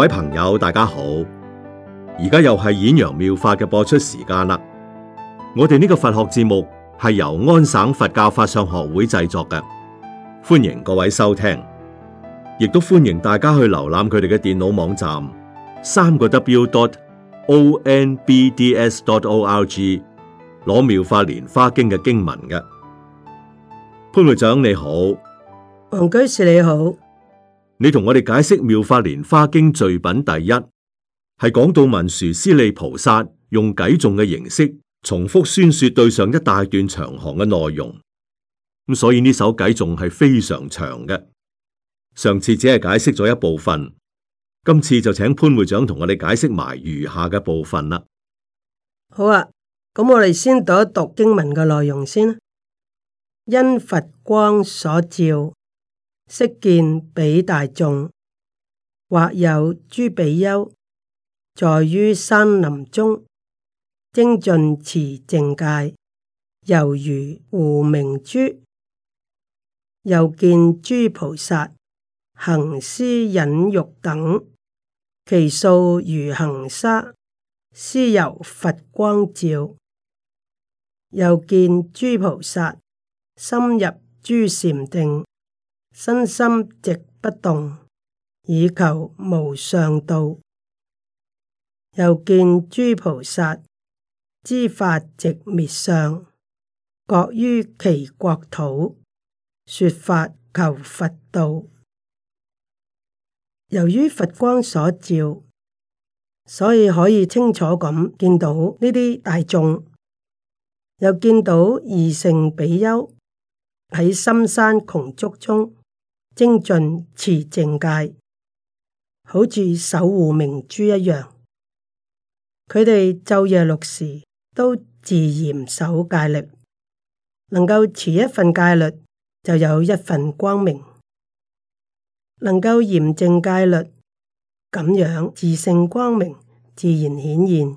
各位朋友，大家好！而家又係《演揚妙法》嘅播出時間啦。我哋呢個佛學節目係由安省佛教法相學會製作嘅，歡迎各位收聽，亦都歡迎大家去瀏覽佢哋嘅電腦網站，三個 w dot o n b d s dot o r g 攞《妙法蓮花經》嘅經文嘅。潘會長你好，黃居士你好。你同我哋解釋《妙法蓮華經》序品第一，係講到文殊師利菩薩用偈頌嘅形式重複宣說對上一大段長行嘅內容。咁所以呢首偈頌係非常長嘅，上次只係解釋咗一部分，今次就請潘會長同我哋解釋埋餘下嘅部分啦。好啊，咁我哋先讀一讀經文嘅內容先。因佛光所照。悉見彼大眾，或有諸比丘在於山林中精進持淨戒，猶如護明珠；又見諸菩薩行施忍辱等，其數如恒沙，斯由佛光照；又見諸菩薩深入諸禪定。身心直不動，以求無上道。又見諸菩薩知法寂滅相，各於其國土說法求佛道。由於佛光所照，所以可以清楚咁見到呢啲大眾，又見到二乘比丘喺深山窮竹中。精進持淨戒，好似守護明珠一樣。佢哋晝夜六時都自然守戒律，能夠持一份戒律就有一份光明，能夠嚴正戒律，咁樣自性光明自然顯現，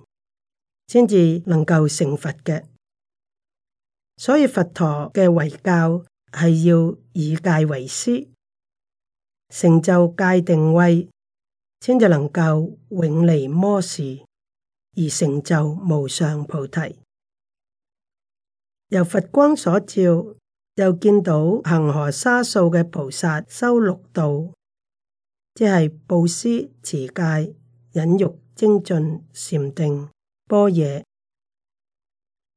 先至能夠成佛嘅。所以佛陀嘅遺教係要以戒為師。成就戒定位，先至能夠永離魔事而成就無上菩提。由佛光所照，又見到恒河沙數嘅菩薩修六道，即係布施、持戒、忍辱、精進、禪定、般若。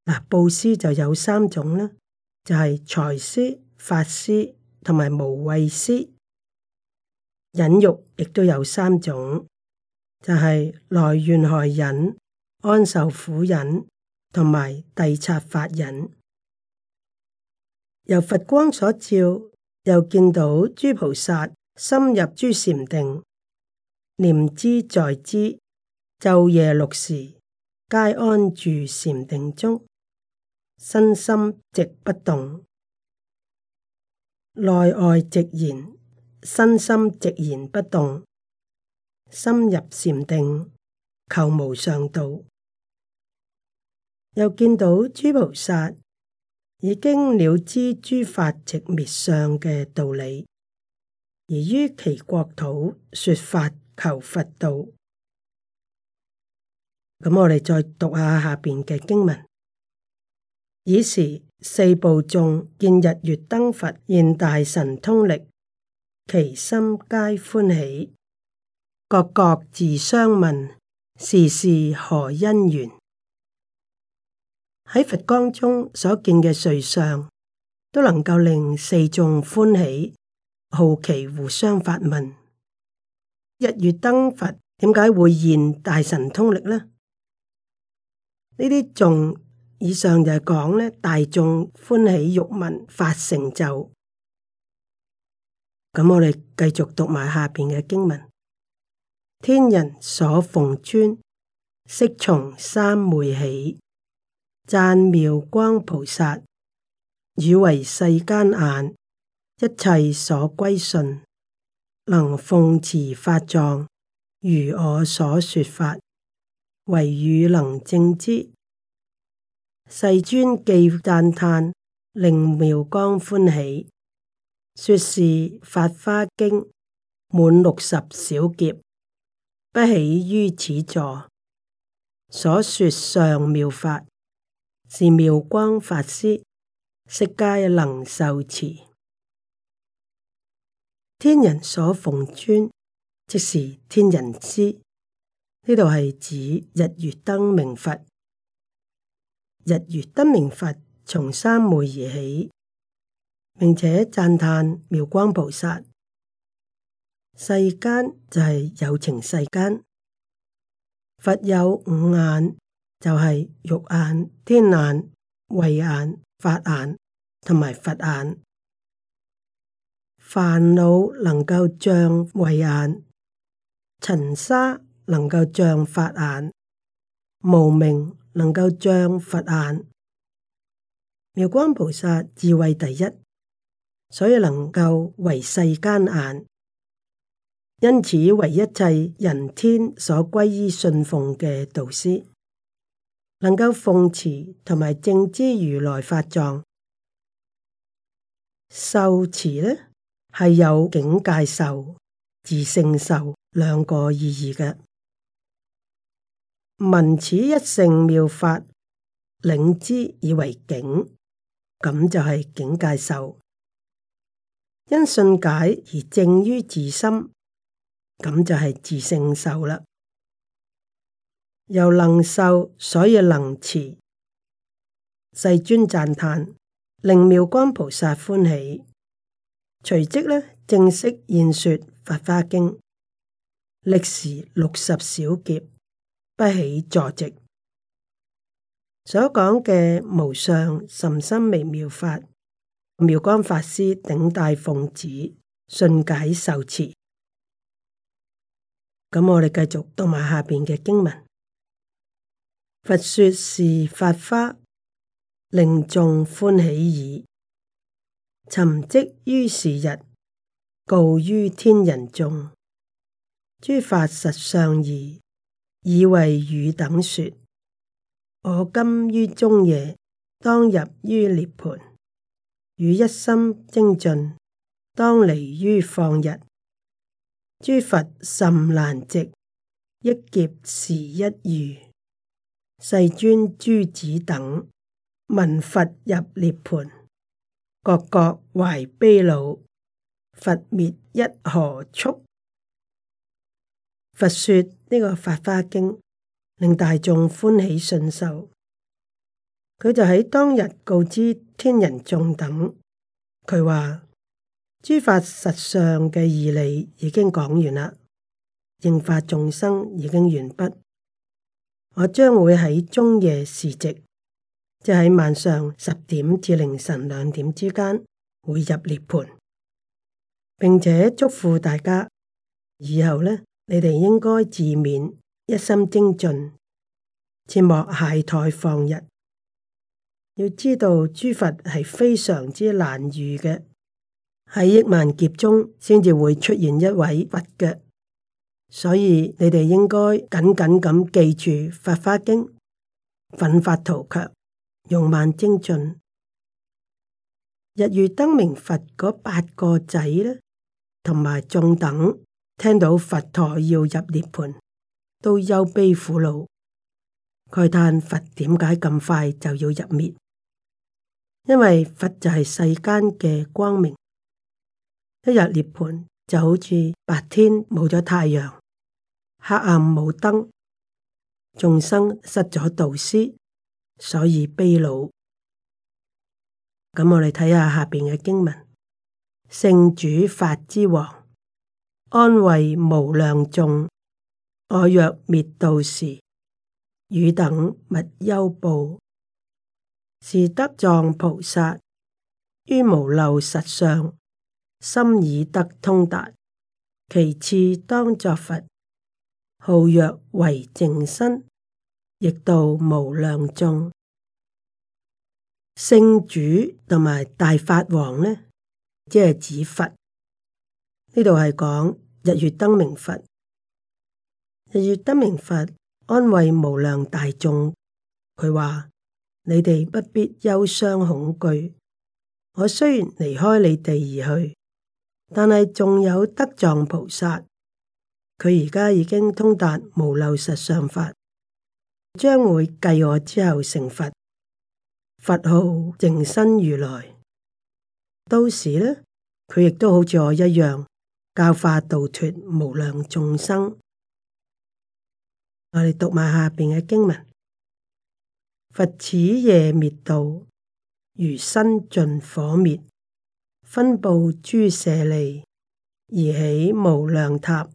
嗱，佈施就有三種啦，就係財施、法施同埋無畏施。忍辱亦都有三種，就係、是、耐怨害忍、安受苦忍、同埋諦察法忍。由佛光所照，又見到諸菩薩深入諸禪定，念茲在茲，晝夜六時皆安住禪定中，身心直不動，內外直言。身心直然不動，深入禪定求無上道。又見到諸菩薩已經了知諸法寂滅相嘅道理，而於其國土說法求佛道。咁我哋再讀下下邊嘅經文。以時四部眾見日月燈佛現大神通力。其心皆歡喜，各各自相問，是事何因緣？喺佛光中所見嘅瑞相，都能夠令四眾歡喜好奇，互相發問：日月燈佛點解會現大神通力呢？呢啲眾以上就係講咧，大眾歡喜欲聞法成就。咁我哋繼續讀埋下邊嘅經文：天人所奉尊，適從三昧起，讚妙光菩薩，汝為世間眼，一切所歸順，能奉持法藏，如我所說法，唯汝能證知。」世尊既讚嘆，令妙光歡喜。說是法花經滿六十小劫，不起於此座，所說上妙法，是妙光法師悉皆能受持，天人所奉尊即是天人師。呢度係指日月燈明佛，日月燈明佛從三昧而起。並且讚嘆妙光菩薩，世間就係有情世間，佛有五眼，就係肉眼、天眼、慧眼、法眼同埋佛眼。煩惱能夠障慧眼，塵沙能夠障法眼，無明能夠障佛眼。妙光菩薩智慧第一。所以能夠為世間眼，因此為一切人天所歸依信奉嘅導師，能夠奉持同埋正知如來法藏。受持呢係有境界受、自性受兩個意義嘅。聞此一乘妙法，領之以為境，咁就係境界受。因信解而正於自心，咁就係自性受啦。由能受，所以能持。世尊讚嘆，令妙光菩薩歡喜。隨即呢，正式演說《法華經》，歷時六十小劫，不起坐席。所講嘅無上甚深，深微妙法。妙光法師頂戴奉旨信解受持，咁我哋繼續讀埋下邊嘅經文。佛說是法花，令眾歡喜已。尋即於是日，告於天人眾，諸法實相義，已為汝等說：我今於中夜，當入於涅槃。與一心精進，當離於放逸；諸佛甚難值，一劫時一遇。世尊諸子等聞佛入涅盤，各各懷悲惱，佛滅一何速！佛說呢個《法華經》，令大眾歡喜信受。佢就喺當日告知天人眾等，佢話諸法實相嘅義理已經講完啦，應化眾生已經完畢，我將會喺中夜時值，即係喺晚上十點至凌晨兩點之間，會入涅槃，並且祝福大家以後呢，你哋應該自勉，一心精進，切莫懈怠放逸。要知道諸佛係非常之難遇嘅，喺億萬劫中先至會出現一位佛嘅，所以你哋應該緊緊咁記住《法華經》，奮發圖強，勇猛精進。日月燈明佛嗰八個仔呢，同埋眾等聽到佛陀要入涅槃，都憂悲苦惱，慨嘆佛點解咁快就要入滅。因為佛就係世間嘅光明。一日涅槃就好似白天冇咗太陽，黑暗冇燈，眾生失咗導師，所以悲老。咁我哋睇下下邊嘅經文：聖主法之王，安慰無量眾。我若滅度時，汝等勿憂怖。是德藏菩薩於無漏實相，心以得通達，其次當作佛，號曰為淨身，亦度無量眾。聖主同埋大法王呢，即係指佛。呢度係講日月燈明佛，日月燈明佛安慰無量大眾，佢話。你哋不必憂傷恐懼，我雖然離開你哋而去，但係仲有德藏菩薩，佢而家已經通達無漏實相法，將會繼我之後成佛，佛號淨身如來。到時呢，佢亦都好似我一樣，教化度脫無量眾生。我哋讀埋下邊嘅經文。佛此夜滅度，如薪盡火滅，分布諸舍利而起無量塔。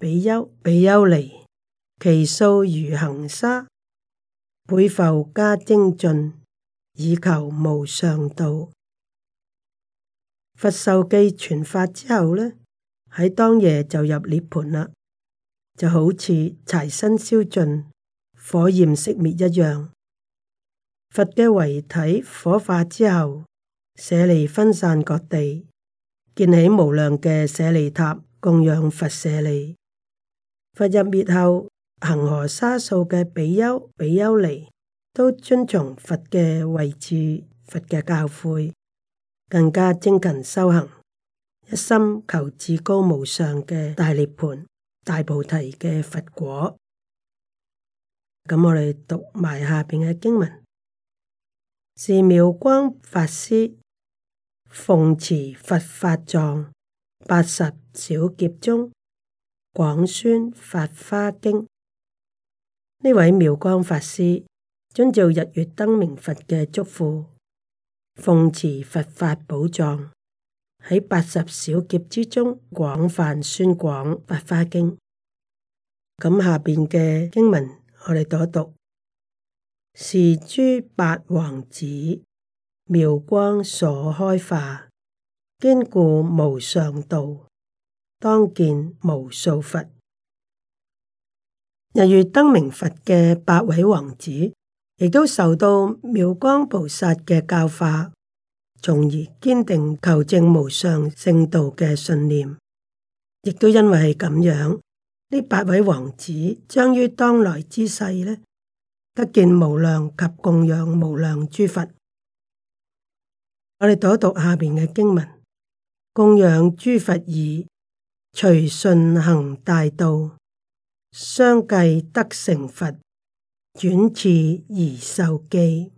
比丘、比丘尼，其數如恆沙，倍復加精進以求無上道。佛受記傳法之後呢喺當夜就入涅槃啦，就好似柴薪燒盡、火焰熄滅一樣。佛嘅遺體火化之後，舍利分散各地，建起無量嘅舍利塔，供養佛舍利。佛入滅後，恒河沙數嘅比丘、比丘尼都遵從佛嘅遺志、佛嘅教誨，更加精勤修行，一心求至高無上嘅大涅盤、大菩提嘅佛果。咁我哋讀埋下邊嘅經文。是妙光法師奉持佛法藏，八十小劫中，廣宣法華經。呢位妙光法師遵照日月燈明佛嘅囑咐，奉持佛法寶藏，喺八十小劫之中廣泛宣廣法華經。咁下邊嘅經文我哋讀一讀。是諸八王子，妙光所開化，堅固無上道，當見無數佛。日月燈明佛嘅八位王子，亦都受到妙光菩薩嘅教化，從而堅定求證無上聖道嘅信念。亦都因為係咁樣，呢八位王子將於當來之世呢？得見無量及供養無量諸佛，我哋讀一讀下邊嘅經文：供養諸佛已，隨順行大道，相繼得成佛，轉次而授記。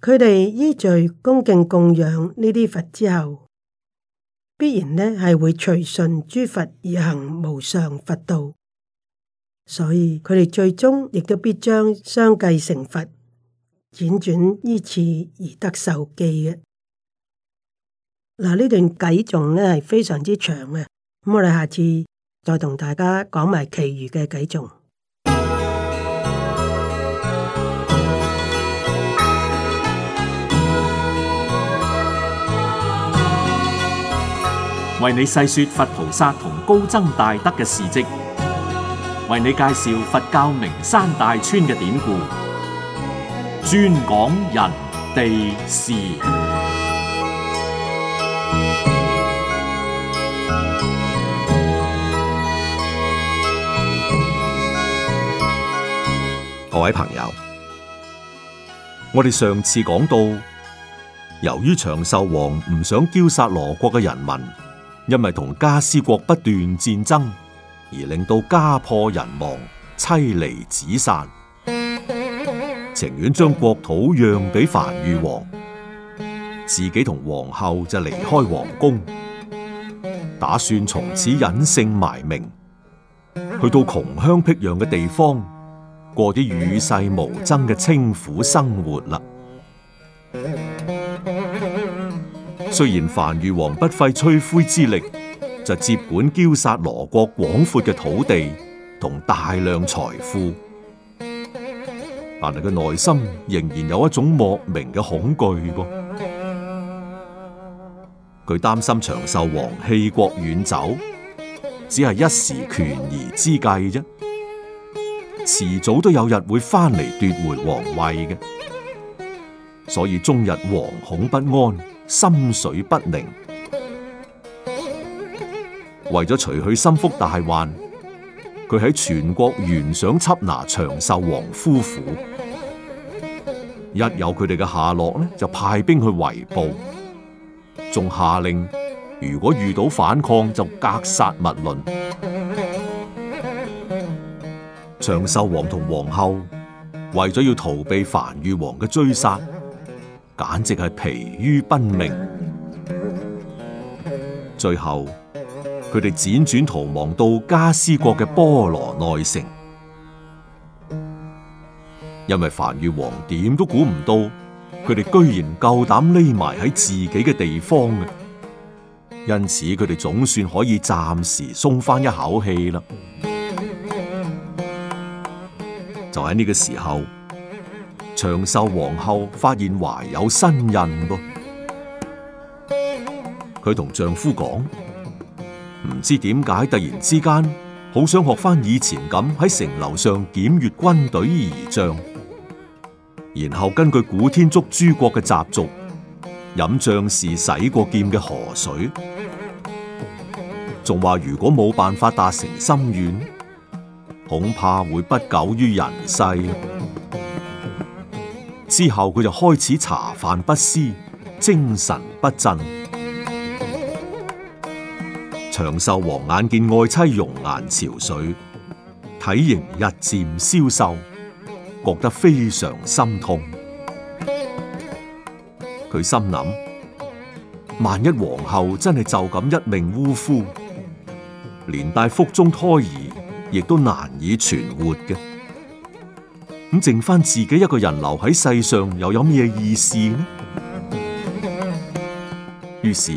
佢哋依序恭敬供養呢啲佛之後，必然呢係會隨順諸佛而行無上佛道。所以佢哋最終亦都必將相繼成佛，輾轉依次而得受記嘅。嗱，呢段偈頌咧係非常之長嘅，咁我哋下次再同大家講埋其餘嘅偈頌。為你細說佛菩薩同高僧大德嘅事跡。為你介紹佛教名山大川嘅典故，專講人地事。士各位朋友，我哋上次講到，由於長壽王唔想殲殺羅國嘅人民，因為同加斯國不斷戰爭。而令到家破人亡、妻離子散，情願將國土讓俾樊禦王，自己同皇后就離開皇宮，打算從此隱姓埋名，去到窮鄉僻壤嘅地方，過啲與世無爭嘅清苦生活啦。雖然樊禦王不費吹灰之力，就接管驕殺羅國廣闊嘅土地同大量財富，但係佢內心仍然有一種莫名嘅恐懼噃。佢擔心長壽王棄國遠走，只係一時權宜之計啫，遲早都有日會翻嚟奪回皇位嘅，所以終日惶恐不安，心水不寧。為咗除去心腹大患，佢喺全國懸賞緝拿長壽王夫婦。一有佢哋嘅下落呢，就派兵去圍捕，仲下令如果遇到反抗就格殺勿論。長壽王同皇后為咗要逃避梵豫王嘅追殺，簡直係疲於奔命，最後。佢哋輾轉逃亡到加斯國嘅波羅奈城，因為凡越王點都估唔到，佢哋居然夠膽匿埋喺自己嘅地方嘅，因此佢哋總算可以暫時鬆翻一口氣啦。就喺呢個時候，長壽皇后發現懷有身孕噃，佢同丈夫講。唔知點解，突然之間好想學翻以前咁喺城樓上檢閱軍隊儀仗。然後根據古天竺諸國嘅習俗，飲將士洗過劍嘅河水，仲話如果冇辦法達成心願，恐怕會不久於人世。之後佢就開始茶飯不思，精神不振。長壽王眼見愛妻容顏憔悴，體型日漸消瘦，覺得非常心痛。佢心諗：萬一皇后真係就咁一命嗚呼，連帶腹中胎兒亦都難以存活嘅，咁剩返自己一個人留喺世上，又有咩意思呢？於是，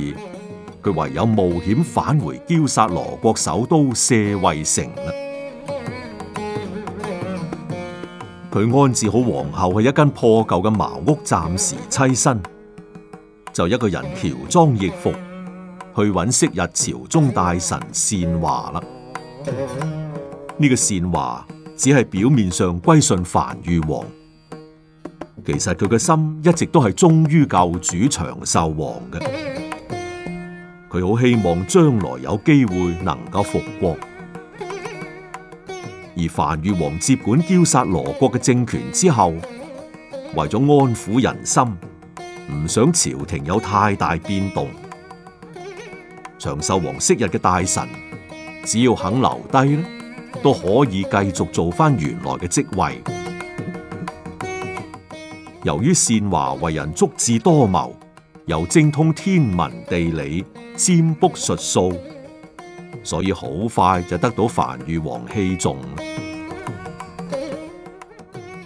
佢唯有冒險返回焦殺羅國憍薩羅國首都舍衛城啦。佢安置好皇后喺一間破舊嘅茅屋暫時棲身，就一個人喬裝易服去揾昔日朝中大臣善華啦。呢個善華只係表面上歸順梵豫王，其實佢嘅心一直都係忠於舊主長壽王嘅。佢好希望將來有機會能夠復國，而梵豫王接管憍殺羅國嘅政權之後，為咗安撫人心，唔想朝廷有太大變動，長壽王昔日嘅大臣只要肯留低咧，都可以繼續做翻原來嘅職位。由於善華為人足智多謀，由精通天文地理、占卜術數，所以好快就得到梵豫王器重。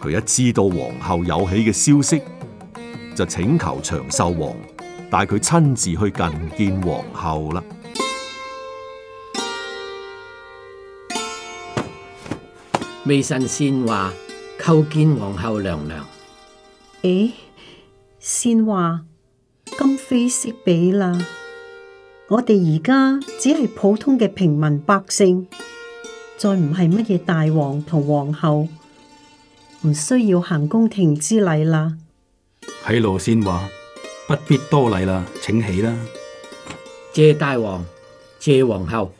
佢一知道皇后有喜嘅消息，就請求長壽王帶佢親自去覲見皇后啦。微臣先話，叩見皇后娘娘。誒，先話。今非昔比啦，我哋而家只係普通嘅平民百姓，再唔係乜嘢大王同皇后，唔需要行宮廷之禮啦。係羅仙話，不必多禮啦，請起啦。謝大王，謝皇后。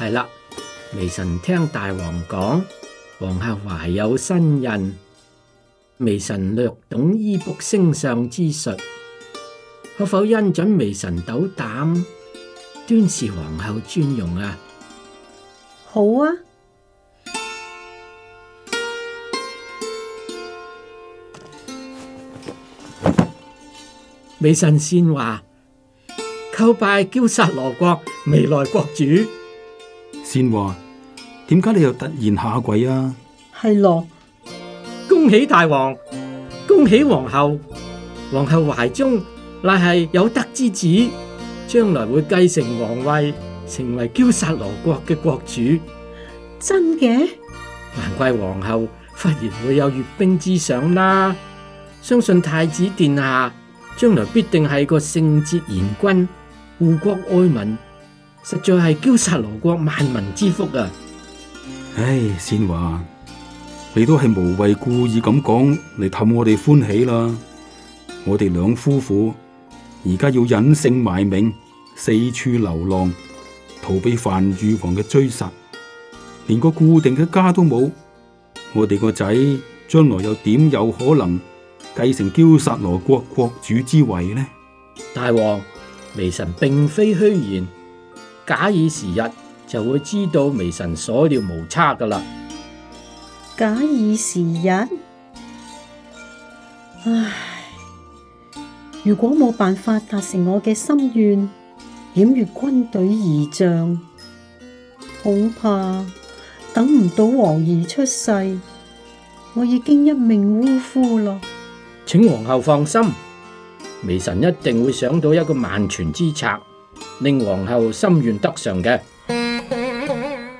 係啦，微臣聽大王講，皇后懷有身孕，微臣略懂醫卜星相之術。可否恩准微臣斗膽端視皇后尊容啊？好啊！微臣先話叩拜憍薩羅國未來國主。先話點解你又突然下跪啊？係咯！恭喜大王，恭喜皇后，皇后懷中。乃係有德之子，將來會繼承皇位，成為憍薩羅國嘅國主。真嘅的？難怪皇后忽然會有閱兵之想啦。相信太子殿下將來必定係個聖潔賢君，護國愛民，實在係憍薩羅國萬民之福啊！唉、哎，仙華，你都係無謂故意咁講嚟氹我哋歡喜啦，我哋兩夫婦。而家要隱姓埋名，四處流浪，逃避梵豫王嘅追殺，連個固定嘅家都冇。我哋個仔將來又點有可能繼承拘薩羅國國主之位呢？大王，微臣並非虛言，假以時日就會知道微臣所料無差㗎喇。假以時日，唉。如果冇辦法達成我嘅心願，掩越軍隊儀仗，恐怕等唔到王兒出世，我已經一命嗚呼咯。請皇后放心，微臣一定會想到一個萬全之策，令皇后心願得償嘅。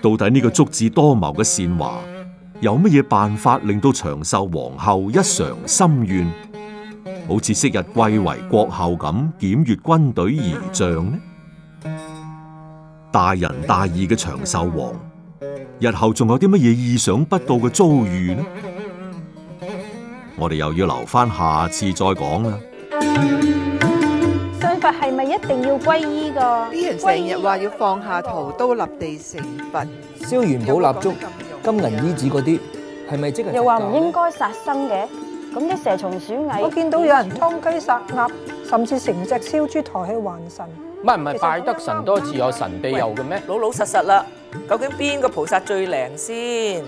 到底呢個足智多謀嘅善華，有乜嘢辦法令到長壽皇后一償心願？好似昔日貴為國后咁檢閱軍隊儀仗呢？大仁大義嘅長壽王，日後仲有啲乜嘢意想不到嘅遭遇呢？我哋又要留翻下，下次再講啦。信佛係咪一定要皈依噶？啲人成日話要放下屠刀立地成佛，燒元寶蠟燭、金銀衣紙嗰啲，係咪即係又話唔應該殺生嘅？咁啲蛇蟲鼠蟻，我見到有人劏雞殺鴨，甚至成隻燒豬抬去還神。唔係唔係，拜得神多自有神庇佑嘅咩？老老實實啦，究竟邊個菩薩最靈先？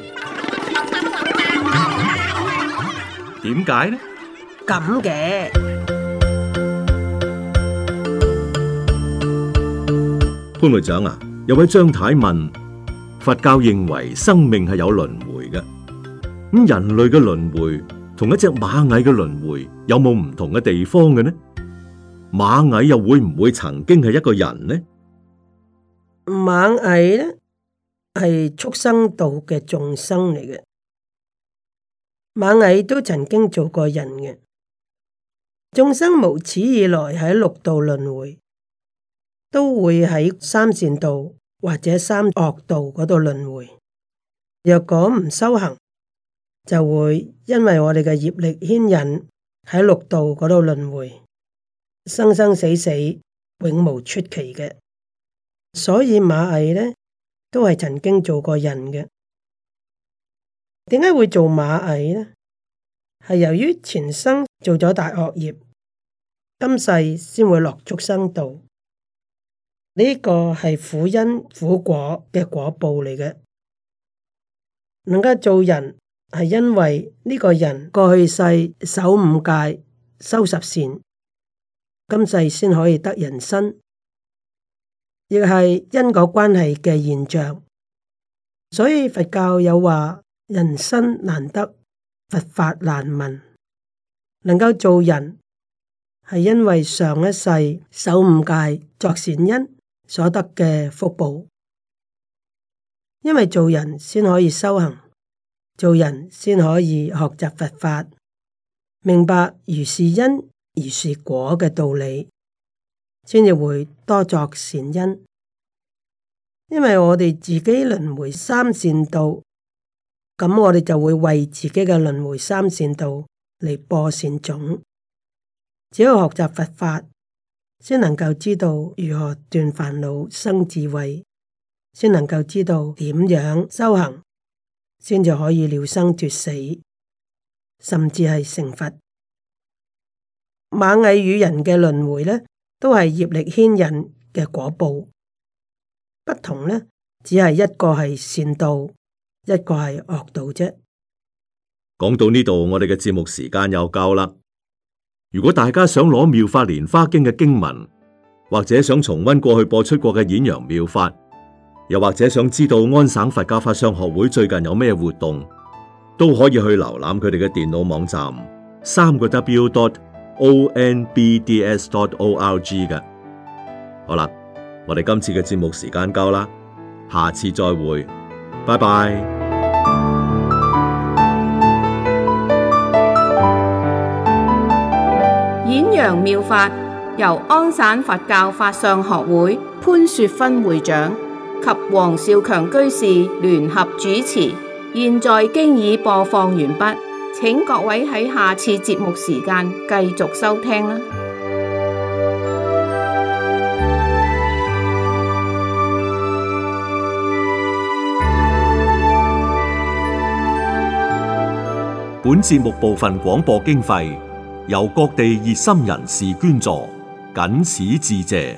點解呢？咁嘅潘會長啊，有位張太問：佛教認為生命係有輪迴嘅，咁人類嘅輪迴？同一隻螞蟻嘅輪迴有冇唔同嘅地方嘅呢？螞蟻又會唔會曾經係一個人呢？螞蟻呢係畜生道嘅眾生嚟嘅，螞蟻都曾經做過人嘅。眾生無始以來喺六道輪迴，都會喺三善道或者三惡道嗰度輪迴。若果唔修行，就會因為我哋嘅業力牽引喺六道嗰度輪迴，生生死死永無出奇期嘅。所以螞蟻咧都係曾經做過人嘅。點解會做螞蟻咧？係由於前生做咗大惡業，今世先會落畜生道。呢、這個係苦因苦果嘅果報嚟嘅，能夠做人。係因為呢個人過去世守五戒、修十善，今世先可以得人身，亦係因果關係嘅現象。所以佛教有話：人身難得，佛法難聞。能夠做人，係因為上一世守五戒、作善因所得嘅福報。因為做人先可以修行。做人先可以學習佛法，明白如是因如是果嘅道理，先至會多作善因。因為我哋自己輪回三善道，咁我哋就會為自己嘅輪回三善道嚟播善種。只有學習佛法，先能夠知道如何斷煩惱、生智慧，先能夠知道點樣修行。先就可以了生脫死，甚至係成佛。螞蟻與人嘅輪迴咧，都係業力牽引嘅果報，不同咧，只係一個係善道，一個係惡道啫。講到呢度，我哋嘅節目時間又夠啦。如果大家想攞《妙法蓮花經》嘅經文，或者想重溫過去播出過嘅演揚妙法。又或者想知道安省佛教法相學會最近有咩活動，都可以去瀏覽佢哋嘅電腦網站，三個 W dot O N B D S dot O R G 嘅。好啦，我哋今次嘅節目時間夠啦，下次再會，拜拜。演揚妙法由安省佛教法相學會潘雪芬會長。及黃少強居士聯合主持，現在經已播放完畢，請各位喺下次節目時間繼續收聽啦。本節目部分廣播經費由各地熱心人士捐助，僅此致謝。